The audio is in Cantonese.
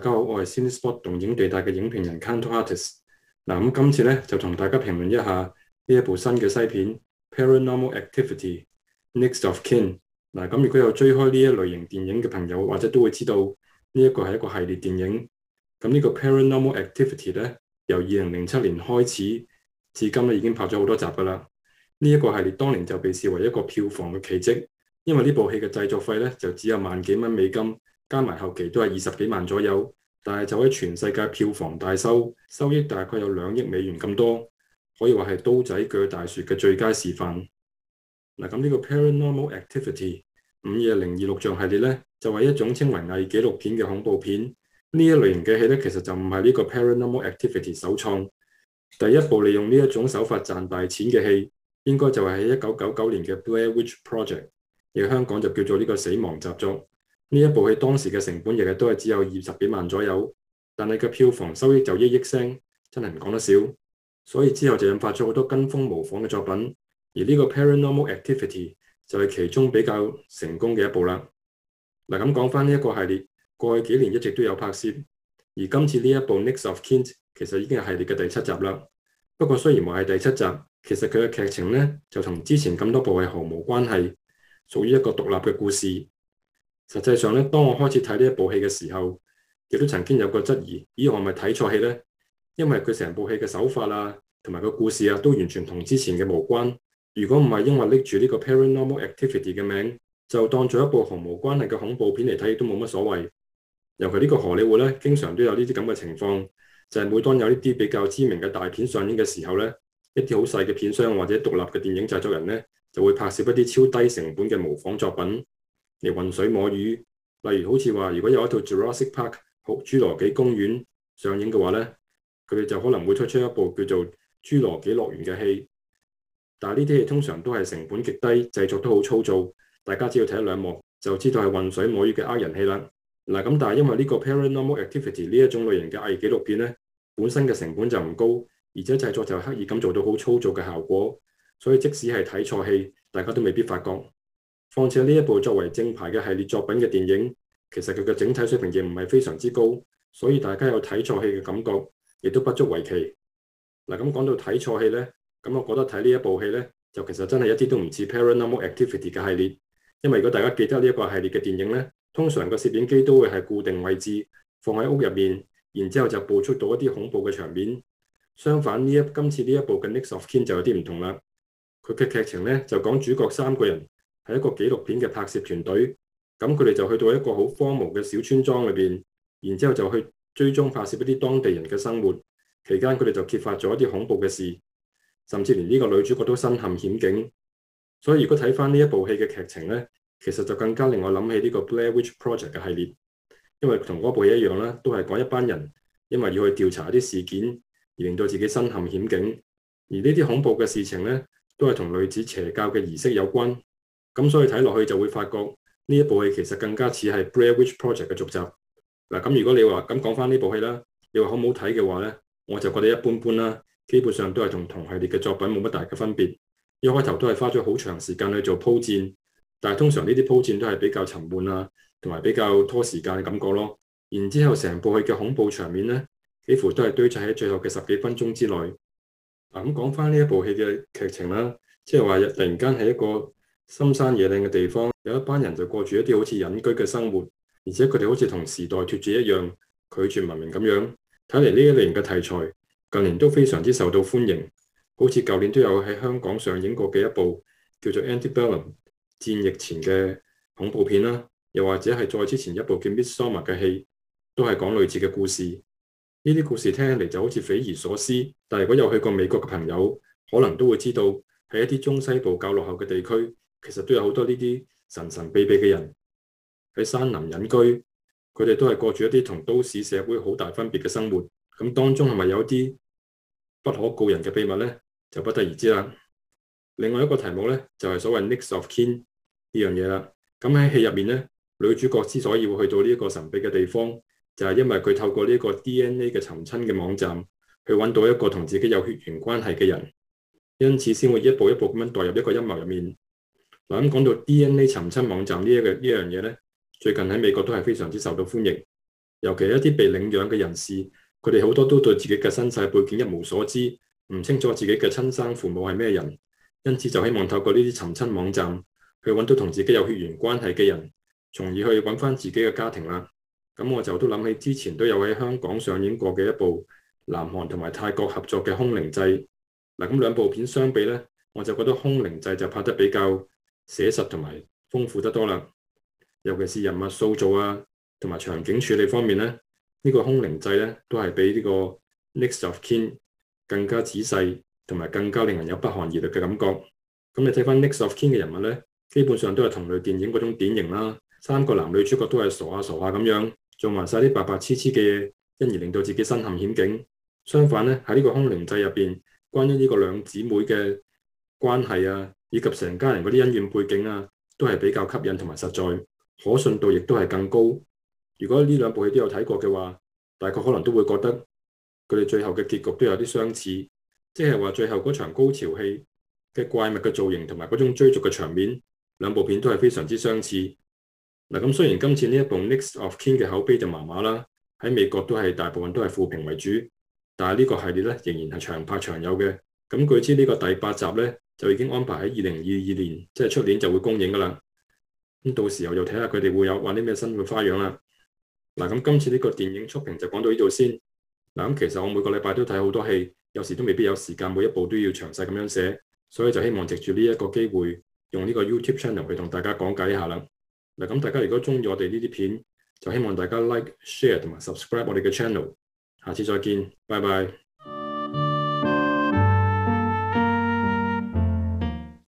大家好，我係 CineSpot 動映地帶嘅影評人 Kantorates。嗱，咁今次咧就同大家評論一下呢一部新嘅西片《Paranormal Activity Next of Kin》。嗱，咁如果有追開呢一類型電影嘅朋友，或者都會知道呢一個係一個系列電影。咁呢個《Paranormal Activity》咧，由二零零七年開始至今咧已經拍咗好多集噶啦。呢一個系列當年就被視為一個票房嘅奇蹟，因為呢部戲嘅製作費咧就只有萬幾蚊美金。加埋後期都係二十幾萬左右，但係就喺全世界票房大收，收益大概有兩億美元咁多，可以話係刀仔鋸大樹嘅最佳示範。嗱、這個，咁呢個 Paranormal Activity 午夜靈異錄像系列咧，就係、是、一種稱為偽紀錄片嘅恐怖片。呢一類型嘅戲咧，其實就唔係呢個 Paranormal Activity 首創。第一部利用呢一種手法賺大錢嘅戲，應該就係喺一九九九年嘅 Blair Witch Project，而香港就叫做呢、這個死亡習作。呢一部戲當時嘅成本亦都係只有二十幾萬左右，但係個票房收益就一億聲，真係唔講得少。所以之後就引發咗好多跟風模仿嘅作品，而呢、這個《Paranormal Activity》就係、是、其中比較成功嘅一部啦。嗱，咁講翻呢一個系列，過去幾年一直都有拍攝，而今次呢一部《Next of Kin》其實已經係系列嘅第七集啦。不過雖然話係第七集，其實佢嘅劇情呢就同之前咁多部係毫無關係，屬於一個獨立嘅故事。實際上咧，當我開始睇呢一部戲嘅時候，亦都曾經有個質疑：咦，我係咪睇錯戲呢？因為佢成部戲嘅手法啊，同埋個故事啊，都完全同之前嘅無關。如果唔係因為拎住呢個《Paranormal Activity》嘅名，就當做一部毫無關係嘅恐怖片嚟睇，都冇乜所謂。尤其呢個荷里活咧，經常都有呢啲咁嘅情況，就係每當有呢啲比較知名嘅大片上映嘅時候咧，一啲好細嘅片商或者獨立嘅電影製作人咧，就會拍攝一啲超低成本嘅模仿作品。嚟混水摸魚，例如好似話，如果有一套 Jurassic Park 好侏羅紀公園上映嘅話咧，佢哋就可能會推出，出一部叫做侏羅紀樂園嘅戲。但係呢啲戲通常都係成本極低，製作都好粗糙。大家只要睇一兩幕就知道係混水摸魚嘅呃人戲啦。嗱，咁，但係因為呢個 paranormal activity 呢一種類型嘅偽紀錄片咧，本身嘅成本就唔高，而且製作就刻意咁做到好粗糙嘅效果，所以即使係睇錯戲，大家都未必發覺。況且呢一部作為正牌嘅系列作品嘅電影，其實佢嘅整體水平亦唔係非常之高，所以大家有睇錯戲嘅感覺，亦都不足為奇。嗱、啊，咁講到睇錯戲咧，咁我覺得睇呢一部戲咧，就其實真係一啲都唔似《Paranormal Activity》嘅系列，因為如果大家記得呢一個系列嘅電影咧，通常個攝影機都會係固定位置放喺屋入面，然之後就捕捉到一啲恐怖嘅場面。相反呢一今次呢一部嘅《Next of Kin》就有啲唔同啦，佢嘅劇情咧就講主角三個人。係一個紀錄片嘅拍攝團隊，咁佢哋就去到一個好荒蕪嘅小村莊裏邊，然之後就去追蹤拍攝一啲當地人嘅生活。期間佢哋就揭發咗一啲恐怖嘅事，甚至連呢個女主角都身陷險境。所以如果睇翻呢一部戲嘅劇情咧，其實就更加令我諗起呢個 Blair Witch Project 嘅系列，因為同嗰部戲一樣啦，都係講一班人因為要去調查一啲事件而令到自己身陷險境，而呢啲恐怖嘅事情咧，都係同女子邪教嘅儀式有關。咁所以睇落去就會發覺呢一部戲其實更加似係 Blair Witch Project 嘅續集。嗱，咁如果你話咁講翻呢部戲啦，你話好唔好睇嘅話咧，我就覺得一般般啦，基本上都係同同系列嘅作品冇乜大嘅分別，一開頭都係花咗好長時間去做鋪墊，但係通常呢啲鋪墊都係比較沉悶啊，同埋比較拖時間嘅感覺咯。然之後成部戲嘅恐怖場面咧，幾乎都係堆砌喺最後嘅十幾分鐘之內。嗱，咁講翻呢一部戲嘅劇情啦，即係話突然間係一個。深山野嶺嘅地方，有一班人就過住一啲好似隱居嘅生活，而且佢哋好似同時代脫節一樣，拒絕文明咁樣。睇嚟呢一類型嘅題材近年都非常之受到歡迎，好似舊年都有喺香港上映過嘅一部叫做《Antebellum》戰役前嘅恐怖片啦，又或者係再之前一部叫《Midsommar》嘅戲，都係講類似嘅故事。呢啲故事聽起嚟就好似匪夷所思，但係如果有去過美國嘅朋友，可能都會知道喺一啲中西部較落後嘅地區。其實都有好多呢啲神神秘秘嘅人喺山林隱居，佢哋都係過住一啲同都市社會好大分別嘅生活。咁當中係咪有啲不可告人嘅秘密呢？就不得而知啦。另外一個題目呢，就係所謂 Next of Kin 呢樣嘢啦。咁喺戲入面呢，女主角之所以會去到呢一個神秘嘅地方，就係因為佢透過呢個 DNA 嘅尋親嘅網站去揾到一個同自己有血緣關係嘅人，因此先會一步一步咁樣代入一個陰謀入面。嗱，咁講到 DNA 尋親網站呢一個呢樣嘢咧，最近喺美國都係非常之受到歡迎，尤其一啲被領養嘅人士，佢哋好多都對自己嘅身世背景一無所知，唔清楚自己嘅親生父母係咩人，因此就希望透過呢啲尋親網站去揾到同自己有血緣關係嘅人，從而去揾翻自己嘅家庭啦。咁我就都諗起之前都有喺香港上映過嘅一部南韓同埋泰國合作嘅《凶靈祭》。嗱，咁兩部片相比咧，我就覺得《凶靈祭》就拍得比較寫實同埋豐富得多啦，尤其是人物塑造啊，同埋場景處理方面咧，這個、呢、這個《凶靈祭》咧都係比呢個《Next of Kin》更加仔細同埋更加令人有不寒而栗嘅感覺。咁、嗯、你睇翻《Next of Kin》嘅人物咧，基本上都係同類電影嗰種典型啦，三個男女主角都係傻下、啊、傻下咁樣做埋晒啲白白黐黐嘅嘢，因而令到自己身陷險境。相反咧，喺呢個《凶靈祭》入邊，關於呢個兩姊妹嘅關係啊～以及成家人嗰啲恩怨背景啊，都係比較吸引同埋實在，可信度亦都係更高。如果呢兩部戲都有睇過嘅話，大概可能都會覺得佢哋最後嘅結局都有啲相似，即係話最後嗰場高潮戲嘅怪物嘅造型同埋嗰種追逐嘅場面，兩部片都係非常之相似。嗱，咁雖然今次呢一部《Next of Kin》嘅口碑就麻麻啦，喺美國都係大部分都係負評為主，但係呢個系列咧仍然係長拍長有嘅。咁據知呢個第八集咧。就已經安排喺二零二二年，即係出年就會公映噶啦。咁到時候又睇下佢哋會有玩啲咩新嘅花樣啦。嗱，咁今次呢個電影速評就講到呢度先。嗱，咁其實我每個禮拜都睇好多戲，有時都未必有時間，每一部都要詳細咁樣寫，所以就希望藉住呢一個機會，用呢個 YouTube channel 去同大家講解一下啦。嗱，咁大家如果中意我哋呢啲片，就希望大家 Like、Share 同埋 Subscribe 我哋嘅 channel。下次再見，拜拜。